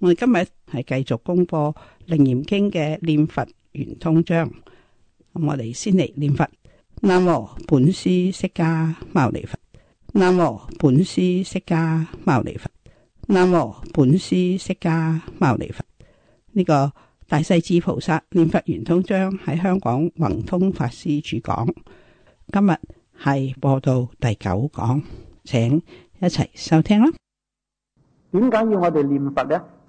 我哋今日係繼續公布《楞嚴經》嘅念佛圓通章。咁我哋先嚟念佛：南無本師釋迦牟尼佛，南無本師釋迦牟尼佛，南無本師釋迦牟尼佛。呢個大勢至菩薩念佛圓通章喺香港宏通法師主講。今日係播到第九講，請一齊收聽啦。點解要我哋念佛咧？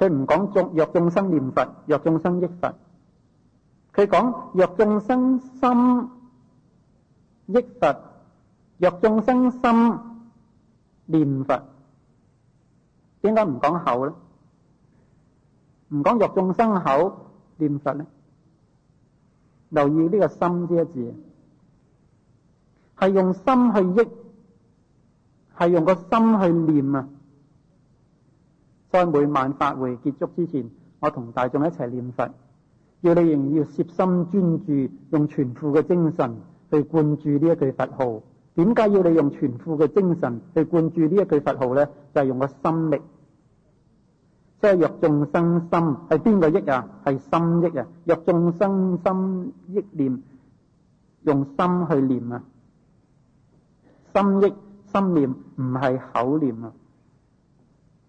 佢唔講眾若眾生念佛，若眾生憶佛。佢講若眾生心憶佛，若眾生心念佛。點解唔講口咧？唔講若眾生口念佛咧？留意呢個心呢一字，係用心去憶，係用個心去念啊！在每晚法會結束之前，我同大眾一齊念佛，要你仍然要攝心專注，用全副嘅精神去灌注呢一句佛號。點解要你用全副嘅精神去灌注呢一句佛號呢？就係、是、用個心力，即係若眾生心係邊個憶啊？係心憶啊！若眾生心憶念，用心去念啊！心憶心念唔係口念啊！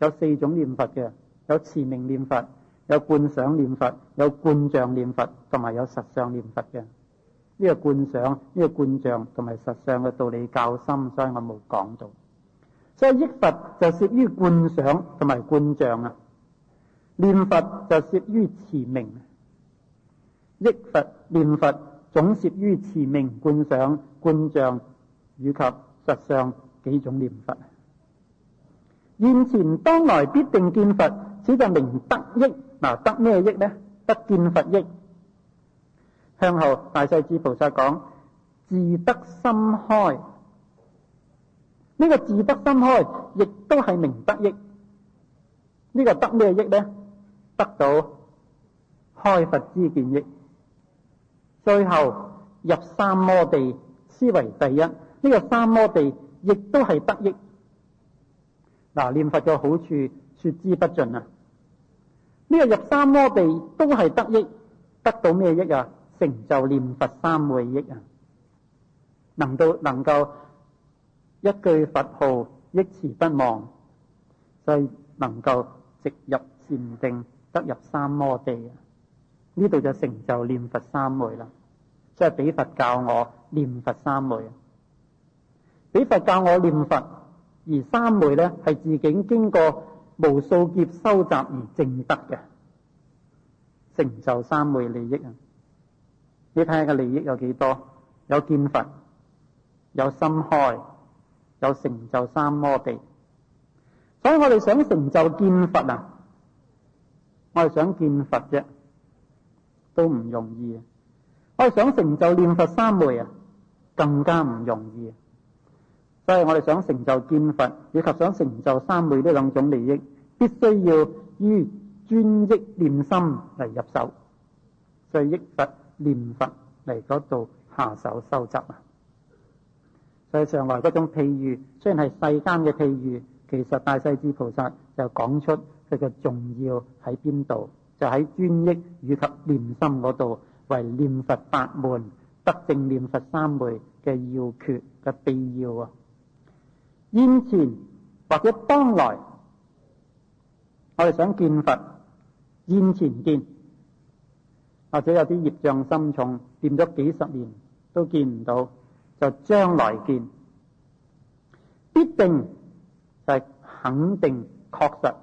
有四種念佛嘅，有持名念佛，有觀想念佛，有觀像念佛，同埋有實相念佛嘅。呢、這個觀想、呢、這個觀像，同埋實相嘅道理較深，所以我冇講到。所以憶佛就攝於觀想同埋觀像。啊，念佛就攝於持名。憶佛念佛總攝於持名、觀想、觀像，以及實相幾種念佛。現前當來必定見佛，此就明得益。嗱，得咩益咧？得見佛益。向後大勢至菩薩講自得心開，呢個自得心開亦都係明得益。呢個得咩益咧？得到開佛之見益。最後入三摩地思惟第一，呢個三摩地亦都係得益。嗱，念佛嘅好處說之不盡啊！呢、呢個入三摩地都係得益，得到咩益啊？成就念佛三昧益啊！能到能夠一句佛號憶持不忘，所以能夠直入禪定，得入三摩地啊！呢度就成就念佛三昧啦，即係畀佛教我念佛三昧，畀佛教我念佛。而三昧咧，係自己經過無數劫收集而證得嘅，成就三昧利益啊！你睇下個利益有幾多？有見佛，有心開，有成就三摩地。所以我哋想成就見佛啊，我哋想見佛啫，都唔容易。我哋想成就念佛三昧啊，更加唔容易。所以我哋想成就見佛，以及想成就三昧呢兩種利益，必須要於專益念心嚟入手，所以憶佛念佛嚟嗰度下手修習啊。所以上回嗰種譬喻，雖然係世間嘅譬喻，其實大勢至菩薩就講出佢嘅重要喺邊度，就喺專益以及念心嗰度，為念佛法門得正念佛三昧嘅要訣嘅必要啊。現前或者當來，我哋想見佛，現前見；或者有啲業障深重，掂咗幾十年都見唔到，就將來見。必定就係、是、肯定、確實，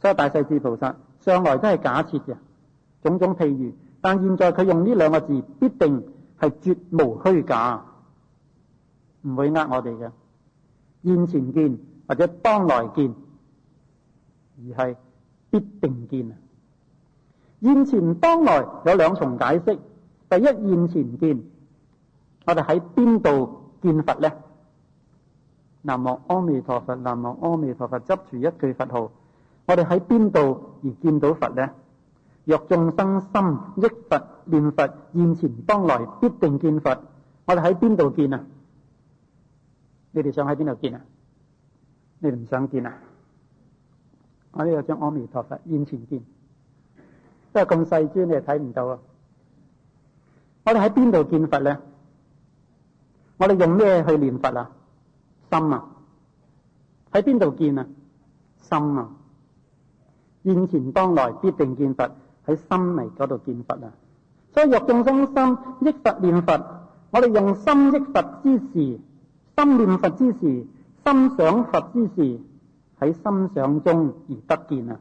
所以大勢至菩薩上來都係假設嘅種種譬如：「但現在佢用呢兩個字，必定係絕無虛假，唔會呃我哋嘅。現前見或者當來見，而係必定見啊！現前當來有兩重解釋。第一，現前見，我哋喺邊度見佛咧？南無阿彌陀佛，南無阿彌陀佛。執住一句佛號，我哋喺邊度而見到佛咧？若眾生心憶佛念佛，現前當來必定見佛。我哋喺邊度見啊？你哋想喺邊度見啊？你哋唔想見啊？我呢度張阿彌陀佛現前見，因為咁細尊你睇唔到啊。我哋喺邊度見佛咧？我哋用咩去念佛啊？心啊，喺邊度見啊？心啊，現前當來必定見佛，喺心嚟嗰度見佛啊！所以欲眾生心，心益佛念佛，我哋用心益佛之時。心念佛之時，心想佛之時，喺心想中而得見啊！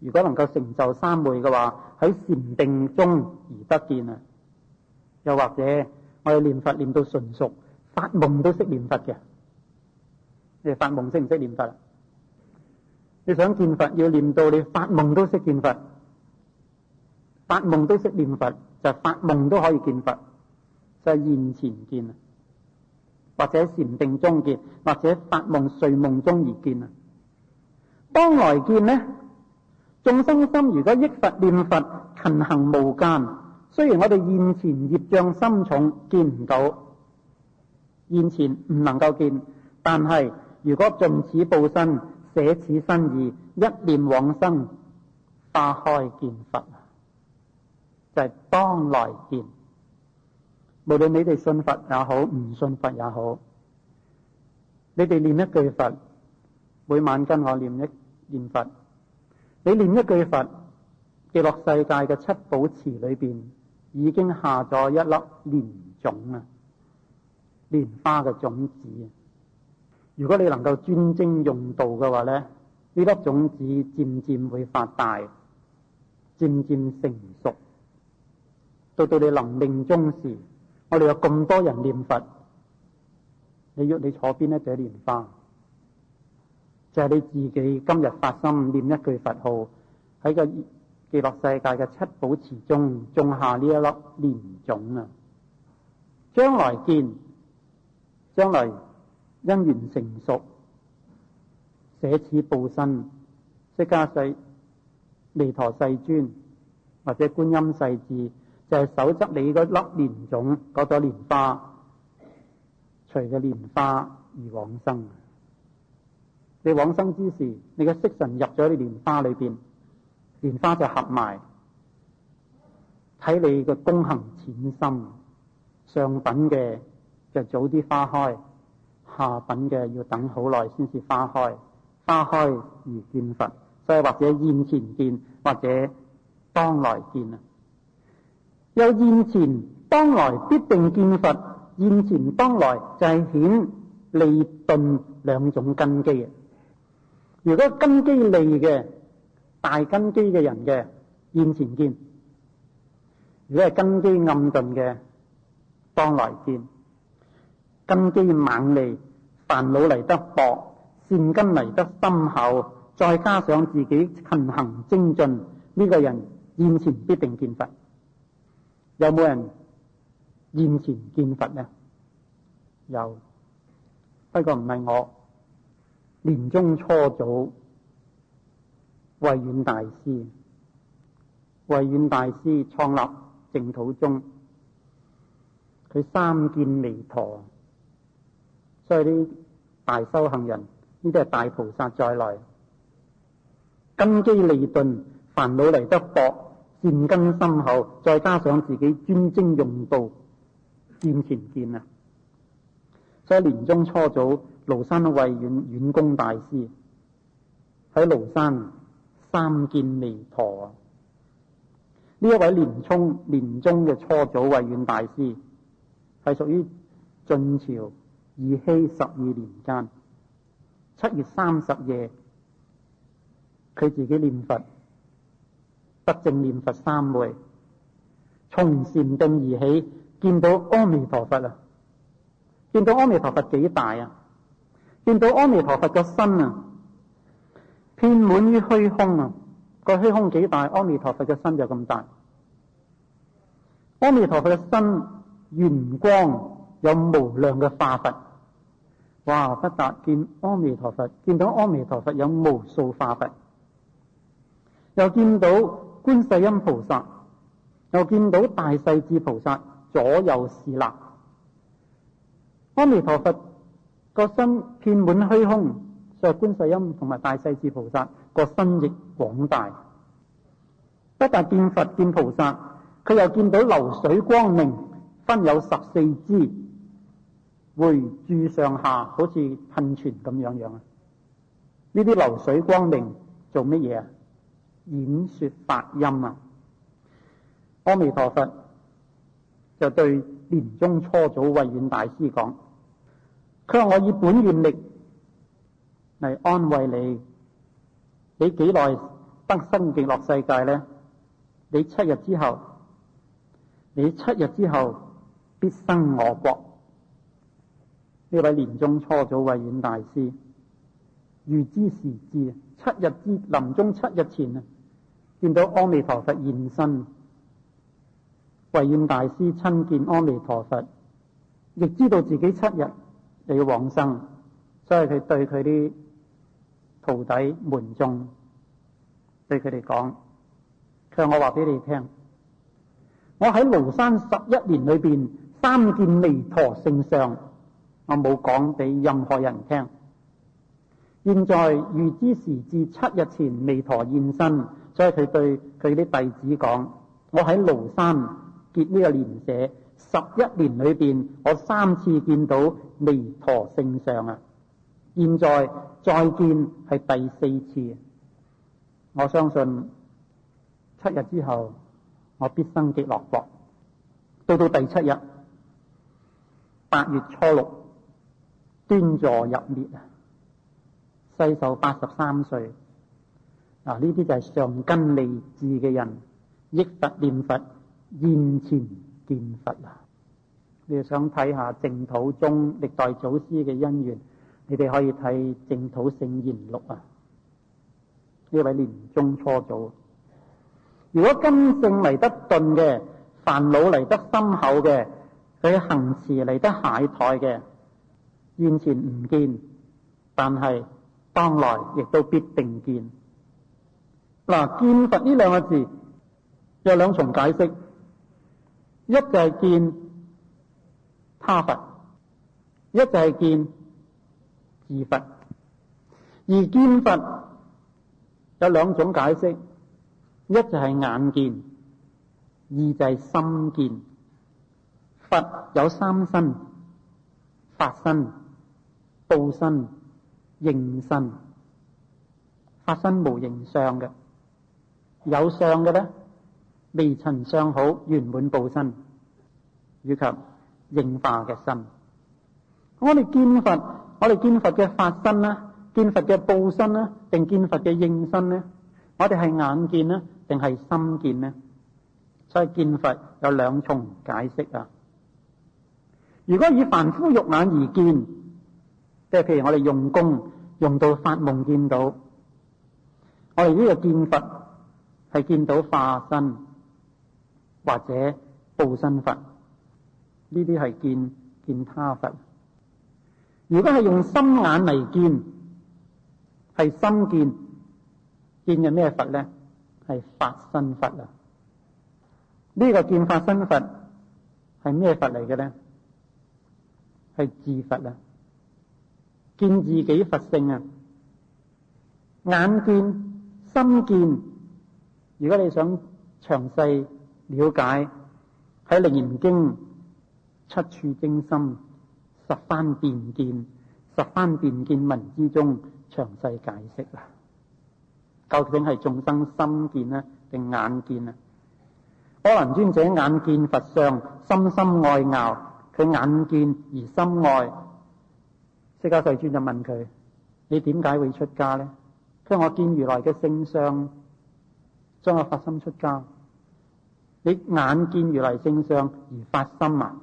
如果能夠成就三昧嘅話，喺禪定中而得見啊！又或者我哋念佛念到純熟，發夢都識念佛嘅，你發夢識唔識念佛啊？你想見佛，要念到你發夢都識見佛，發夢都識念佛，就係發夢都可以見佛，就係現前見啊！或者禪定中見，或者發夢睡夢中而見啊！當來見呢，眾生心如果憶佛念佛勤行無間，雖然我哋現前業障深重見唔到，現前唔能夠見，但係如果盡此報身捨此身意一念往生，花開見佛就係當來見。無論你哋信佛也好，唔信佛也好，你哋念一句佛，每晚跟我念一念佛。你念一句佛，極樂世界嘅七寶池裏邊，已經下咗一粒蓮種啊，蓮花嘅種子。如果你能夠專精用道嘅話咧，呢粒種子漸漸會發大，漸漸成熟，到到你臨命終時。我哋有咁多人念佛，你約你坐邊一就係蓮花，就係、是、你自己今日發心念一句佛號，喺個極樂世界嘅七寶池中種下呢一粒蓮種啊！將來見，將來因緣成熟，捨此報身，釋迦世、彌陀世尊或者觀音世智。就係手執你嗰粒蓮種，嗰朵蓮花，隨住蓮花而往生。你往生之時，你嘅色神入咗你蓮花裏邊，蓮花就合埋，睇你嘅功行淺深。上品嘅就早啲花開，下品嘅要等好耐先至花開。花開如見佛，所以或者現前見，或者當來見啊。有現前當來必定見佛。現前當來就係顯利鈍兩種根基嘅。如果根基利嘅，大根基嘅人嘅現前見，如果係根基暗鈍嘅當來見，根基猛利，煩惱嚟得薄，善根嚟得深厚，再加上自己勤行精進，呢個人現前必定見佛。有冇人現前見佛呢？有，不過唔係我。年中初祖，慧遠大師，慧遠大師創立淨土宗，佢三見彌陀，所以啲大修行人，呢啲係大菩薩在內，根基利鈍，煩惱嚟得薄。善根深厚，再加上自己專精用道，戰前見啊！所、就、以、是、年中初祖，廬山慧遠遠公大師喺廬山三見彌陀啊！呢一位蓮宗年中嘅初祖慧遠大師，係屬於晉朝義熙十二年間七月三十夜，佢自己念佛。得正念佛三昧，從禪定而起，見到阿彌陀佛啦！見到阿彌陀佛幾大啊？見到阿彌陀佛嘅身啊，遍滿於虛空啊！個虛空幾大，阿彌陀佛嘅身就咁大。阿彌陀佛嘅身圓光有無量嘅化佛，哇！不得見阿彌陀佛，見到阿彌陀佛有無數化佛，又見到。觀世音菩薩又見到大勢至菩薩左右侍立，阿彌陀佛個身遍滿虛空，所以觀世音同埋大勢至菩薩個身亦廣大，不但見佛見菩薩，佢又見到流水光明分有十四支，迴注上下，好似噴泉咁樣樣啊！呢啲流水光明做乜嘢啊？演說法音啊！阿彌陀佛就對年中初祖慧遠大師講：佢話我以本願力嚟安慰你，你幾耐得生極樂世界呢？你七日之後，你七日之後必生我國。呢位年中初祖慧遠大師預知時至，七日之臨終七日前啊！見到阿彌陀佛現身，慧遠大師親見阿彌陀佛，亦知道自己七日就要往生，所以佢對佢啲徒弟門眾對佢哋講：向我話俾你聽，我喺廬山十一年裏邊三見彌陀聖相，我冇講俾任何人聽。現在預知時至七日前，彌陀現身。所以佢對佢啲弟子講：「我喺廬山結呢個蓮社十一年裏邊，我三次見到彌陀聖上啊！現在再見係第四次，我相信七日之後我必生極樂國。到到第七日，八月初六，端坐入滅啊！世壽八十三歲。嗱，呢啲就係上根利智嘅人，憶佛念佛，現前見佛啦。你哋想睇下淨土宗歷代祖師嘅因緣，你哋可以睇《淨土聖賢錄》啊。呢位蓮宗初祖，如果根性嚟得頓嘅，煩惱嚟得深厚嘅，佢行持嚟得懈怠嘅，現前唔見，但係當來亦都必定見。嗱，見佛呢兩個字有兩重解釋，一就係見他佛，一就係見自佛。而見佛有兩種解釋，一就係眼見，二就係心見。佛有三身，法身、報身、應身，法身無形相嘅。有相嘅咧，未曾相好圓滿報身，以及應化嘅身。我哋見佛，我哋見佛嘅法身咧，見佛嘅報身咧，定見佛嘅應身咧？我哋係眼見呢，定係心見呢？所以見佛有兩重解釋啊。如果以凡夫肉眼而見，即係譬如我哋用功用到發夢見到，我哋呢個見佛。係見到化身或者報身佛，呢啲係見見他佛。如果係用心眼嚟見，係心見，見嘅咩佛咧？係法身佛啊！呢、這個見法身佛係咩佛嚟嘅咧？係自佛啊！見自己佛性啊！眼見、心見。如果你想詳細了解喺《楞嚴經》七處精深、十番辨見、十番辨見文之中詳細解釋啦，究竟係眾生心見咧定眼見啊？阿難尊者眼見佛相，心心愛咬，佢眼見而心愛。釋迦世尊就問佢：你點解會出家咧？佢話：我見如來嘅聖相。將我發心出家，你眼見如來聖相而發心啊？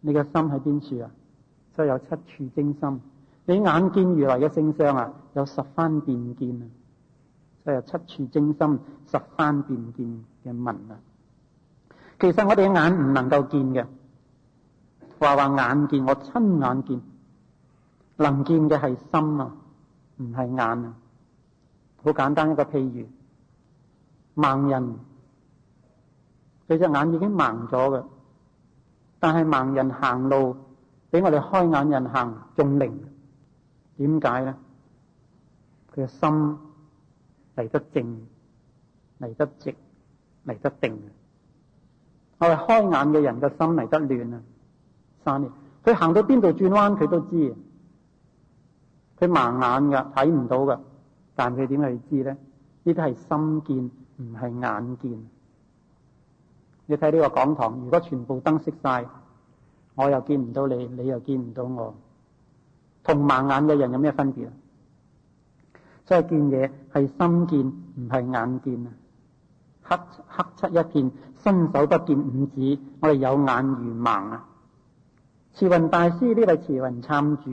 你嘅心喺邊處啊？所以有七處精心，你眼見如來嘅聖相啊，有十番辨見啊。所以有七處精心、十番辨見嘅問啊。其實我哋眼唔能夠見嘅，話話眼見我親眼見，能見嘅係心啊，唔係眼啊。好簡單一個譬如。盲人佢隻眼已經盲咗嘅，但係盲人行路比我哋開眼人行仲靈，點解咧？佢嘅心嚟得靜，嚟得直，嚟得定。我哋開眼嘅人嘅心嚟得亂啊！三年，佢行到邊度轉彎佢都知，佢盲眼噶睇唔到噶，但係佢點去知咧？呢啲係心見。唔係眼見，你睇呢個講堂，如果全部燈熄晒，我又見唔到你，你又見唔到我，同盲眼嘅人有咩分別啊？即係見嘢係心見，唔係眼見啊！黑黑漆一片，伸手不見五指，我哋有眼如盲啊！慈雲大師呢位慈雲懺主，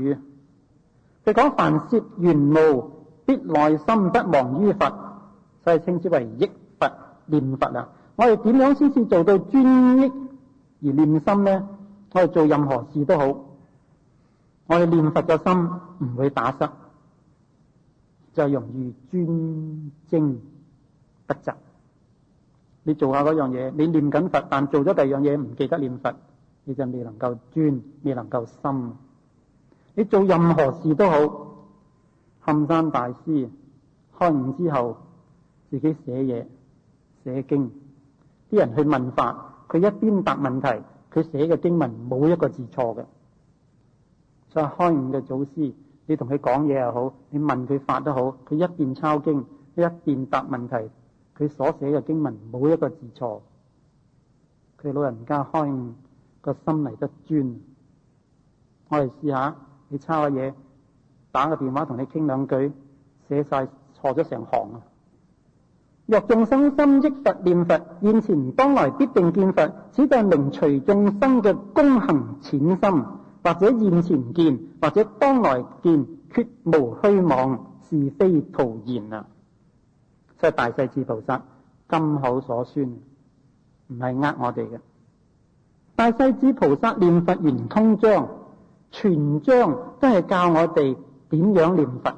佢講：凡涉緣務，必內心不忘於佛。所以稱之為憶佛念佛啦。我哋點樣先至做到專益而念心咧？我哋做任何事都好，我哋念佛嘅心唔會打失，就容易專精不雜。你做下嗰樣嘢，你念緊佛，但做咗第二樣嘢唔記得念佛，你就未能夠專，未能夠心。你做任何事都好，憨山大師開悟之後。自己寫嘢寫經，啲人去問法，佢一邊答問題，佢寫嘅經文冇一個字錯嘅。所以開悟嘅祖師，你同佢講嘢又好，你問佢法都好，佢一邊抄經，一邊答問題，佢所寫嘅經文冇一個字錯。佢老人家開悟個心嚟得專，我哋試下你抄嘅嘢，打個電話同你傾兩句，寫晒錯咗成行啊！若眾生心憶佛，念佛，現前當來必定見佛。此在名隨眾生嘅功行淺深，或者現前見，或者當來見，決無虛妄，是非徒然。啊！即係大勢至菩薩金口所宣，唔係呃我哋嘅。大勢至菩薩念佛圓通章，全章都係教我哋點樣念佛，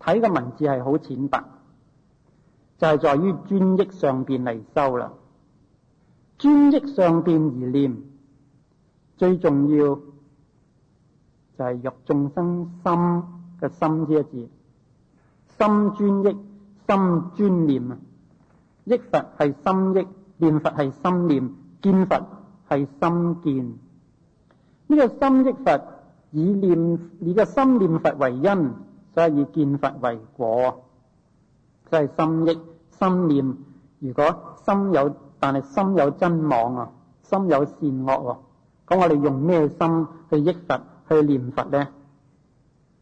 睇個文字係好淺白。就係在於專益上邊嚟修啦，專益上邊而念，最重要就係欲眾生心嘅心呢一字，心專益，心專念啊！益佛係心益，念佛係心念，見佛係心見。呢、這個心益佛以念以個心念佛為因，所以，以見佛為果。即係心益心念。如果心有，但係心有真妄啊，心有善惡喎、啊，咁我哋用咩心去益佛去念佛咧？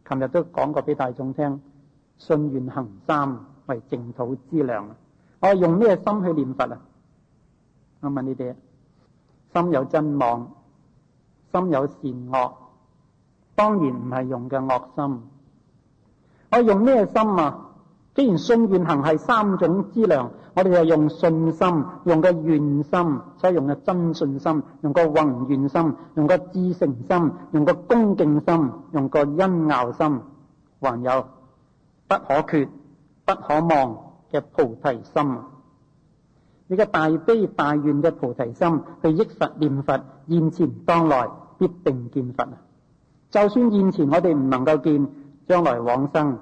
琴日都講過俾大眾聽，信願行三為淨土之糧。我、啊、用咩心去念佛啊？我問呢啲，心有真妄，心有善惡，當然唔係用嘅惡心。我、啊、用咩心啊？既然信願行係三種資糧，我哋就用信心，用個願心，再用個真信心，用個宏願心，用個至誠心，用個恭敬心，用個恩拗心，還有不可缺、不可忘嘅菩提心。你嘅大悲大願嘅菩提心，去憶佛念佛，現前當來必定見佛。就算現前我哋唔能夠見，將來往生。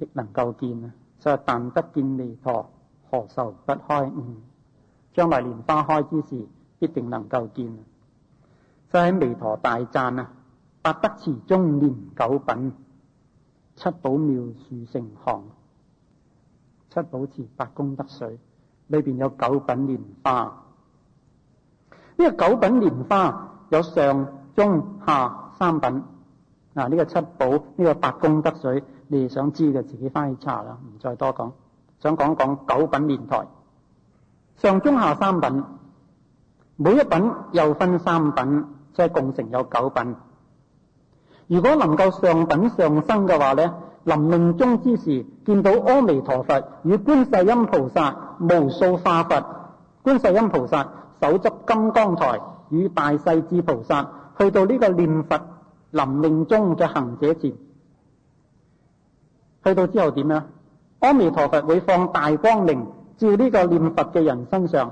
亦能夠見啊！所以但得見彌陀，何愁不開悟？將來蓮花開之時，必定能夠見。就喺彌陀大讚啊！八德池中蓮九品，七寶妙樹成行。七寶池八功德水裏邊有九品蓮花。呢、這個九品蓮花有上中下三品。嗱，呢個七寶呢、這個八功德水。你哋想知嘅，自己翻去查啦，唔再多講。想講講九品蓮台，上中下三品，每一品又分三品，即係共成有九品。如果能夠上品上生嘅話咧，臨命終之時，見到阿彌陀佛與觀世音菩薩、無數化佛、觀世音菩薩手執金剛台，與大勢至菩薩去到呢個念佛臨命終嘅行者前。去到之後點咧？阿彌陀佛會放大光明照呢個念佛嘅人身上，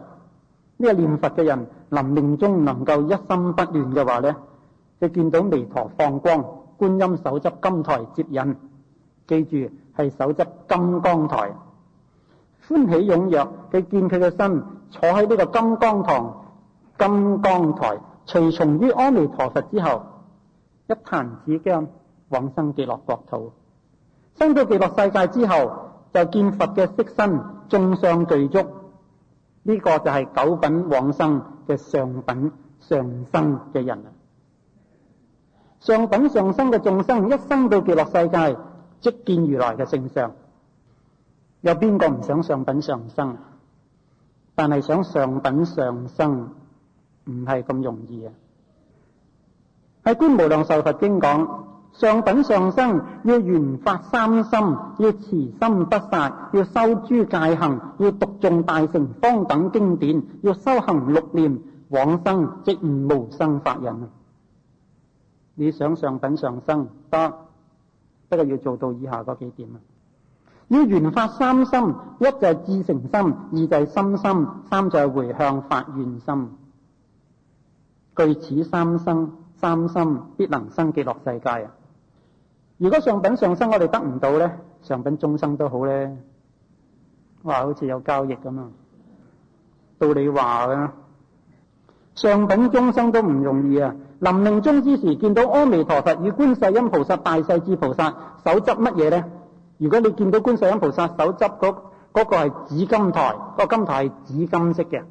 呢、這個念佛嘅人臨命終能夠一心不亂嘅話呢，就見到彌陀放光，觀音手執金台接引，記住係手執金剛台，歡喜踴躍，佢見佢嘅身坐喺呢個金剛堂、金剛台，隨從於阿彌陀佛之後，一彈指間往生極樂國土。生到極樂世界之後，就見佛嘅色身，眾相具足。呢、這個就係九品往生嘅上品上生嘅人。上品上生嘅眾生，一生到極樂世界即見如來嘅聖相。有邊個唔想上品上生啊？但係想上品上生唔係咁容易啊！喺觀無量壽佛經講。上品上生要圓發三心，要慈心不殺，要修諸戒行，要讀誦大乘方等經典，要修行六念往生，即悟無生法忍。你想上品上生得，不過要做到以下嗰幾點啊！要圓發三心：一就係至誠心，二就係心心，三就係回向發願心。具此三生三心必能生極樂世界啊！如果上品上生我哋得唔到咧，上品中生都好咧，話好似有交易咁啊，道理話嘅。上品中生都唔容易啊！臨命終之時，見到阿彌陀佛與觀世音菩薩、大勢至菩薩手執乜嘢咧？如果你見到觀世音菩薩手執嗰嗰個係紫金台，個金台係紫金色嘅。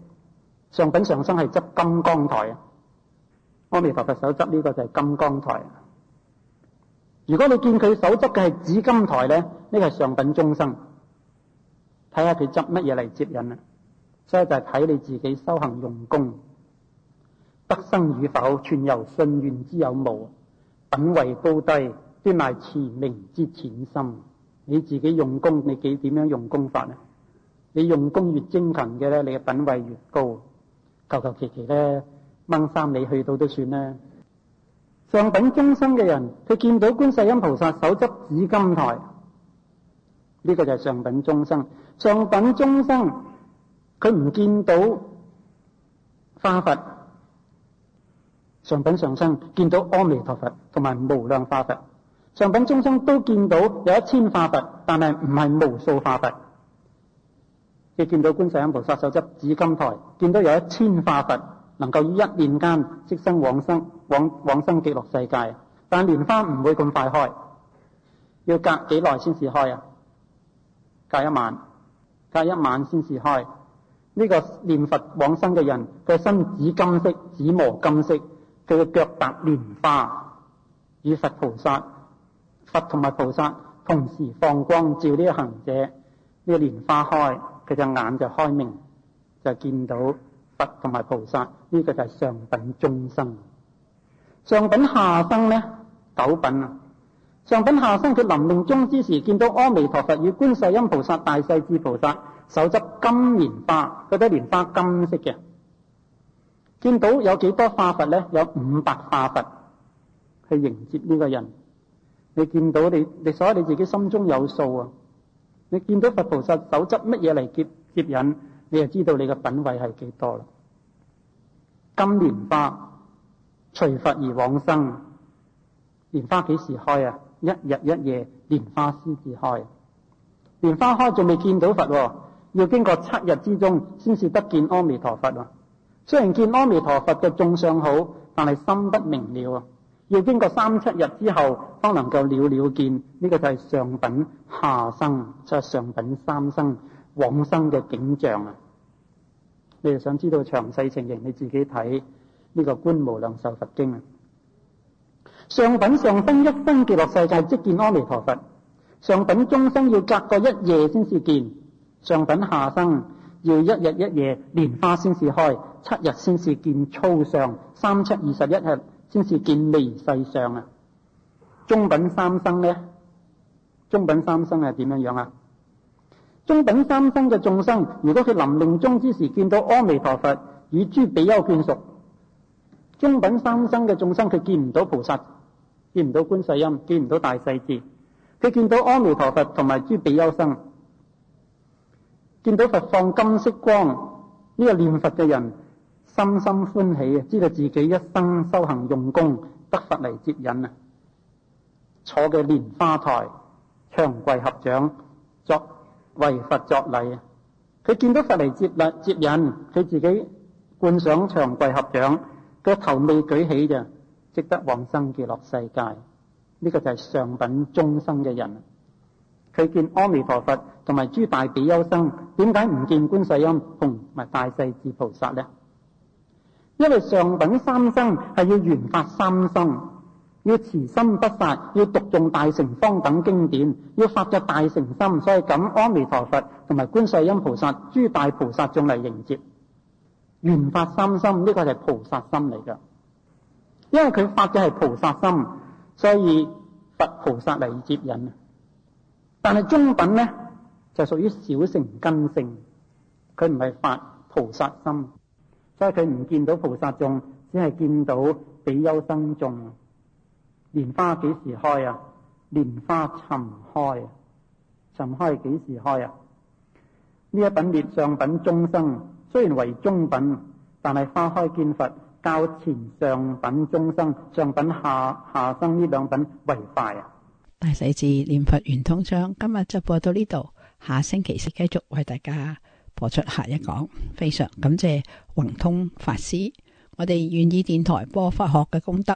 上品上生係執金剛台啊！阿彌陀佛手執呢個就係金剛台。如果你見佢手執嘅係紫金台咧，呢個係上品中生，睇下佢執乜嘢嚟接引啦。所以就係睇你自己修行用功得生與否，全由信願之有無。品位高低，端賴持名之淺深。你自己用功，你幾點樣用功法呢？你用功越精勤嘅咧，你嘅品位越高。求求其其咧，掹三你去到都算啦。上品中生嘅人，佢見到觀世音菩薩手執紫金台，呢、這個就係上品中生。上品中生佢唔見到化佛，上品上生見到阿彌陀佛同埋無量化佛。上品中生都見到有一千化佛，但係唔係無數化佛。佢見到觀世音菩薩手執紫金台，見到有一千化佛。能夠於一念間即生往生，往往生極樂世界。但蓮花唔會咁快開，要隔幾耐先至開啊？隔一晚，隔一晚先至開。呢、這個念佛往生嘅人嘅身紫金色，紫磨金色，佢嘅腳踏蓮花，與佛菩薩、佛同埋菩薩同時放光照呢個行者，呢、這個蓮花開，佢隻眼就開明，就見到。佛同埋菩薩呢、這個就係上品中生，上品下生咧，九品啊。上品下生佢臨命終之時，見到阿彌陀佛與觀世音菩薩、大勢至菩薩手執金蓮花，嗰啲蓮花金色嘅。見到有幾多化佛咧？有五百化佛去迎接呢個人。你見到你，你所以你自己心中有數啊。你見到佛菩薩手執乜嘢嚟接接引？你就知道你嘅品位係幾多啦？金蓮花隨佛而往生，蓮花幾時開啊？一日一夜，蓮花先至開。蓮花開仲未見到佛，啊，要經過七日之中，先至得見阿彌陀佛啊！雖然見阿彌陀佛嘅眾相好，但係心不明了啊！要經過三七日之後，方能夠了，了了見，呢、這個就係上品下生，即、就、係、是、上品三生。往生嘅景象啊！你又想知道詳細情形，你自己睇呢、這個觀無量壽佛經啊。上品上生一分即落世界，即見阿彌陀佛；上等中生要隔過一夜先至見；上等下生要一日一夜蓮花先至開，七日先至見粗相，三七二十一日先至見微細相啊。中品三生咧，中品三生係點樣樣啊？中品三生嘅眾生，如果佢臨命終之時見到阿彌陀佛，與諸比丘眷屬，中品三生嘅眾生佢見唔到菩薩，見唔到觀世音，見唔到大勢至，佢見到阿彌陀佛同埋諸比丘生，見到佛放金色光，呢個念佛嘅人心心歡喜啊！知道自己一生修行用功得佛嚟接引啊！坐嘅蓮花台，長跪合掌作。為佛作禮，佢見到佛嚟接禮接引，佢自己冠上長跪合掌，個頭未舉起啫，即得往生極樂世界。呢個就係上品中生嘅人。佢見阿彌陀佛同埋諸大比丘僧，點解唔見觀世音、同埋大勢至菩薩呢？因為上品三生係要圓發三生。要慈心不殺，要讀誦大乘方等經典，要發着大乘心，所以咁阿彌陀佛同埋觀世音菩薩諸大菩薩眾嚟迎接圓發三心呢、這個係菩薩心嚟噶，因為佢發嘅係菩薩心，所以佛菩薩嚟接引。但係中品咧就屬於小乘根性，佢唔係發菩薩心，所以佢唔見到菩薩眾，只係見到比丘僧眾。蓮花幾時開啊？蓮花沉開、啊，沉開幾時開啊？呢一品列上品中生，雖然為中品，但係花開見佛，較前上品中生、上品下下生呢兩品為快啊！大勢至念佛圓通章，今日就播到呢度，下星期四繼續為大家播出下一講。非常感謝宏通法師，我哋願意電台播法學嘅功德。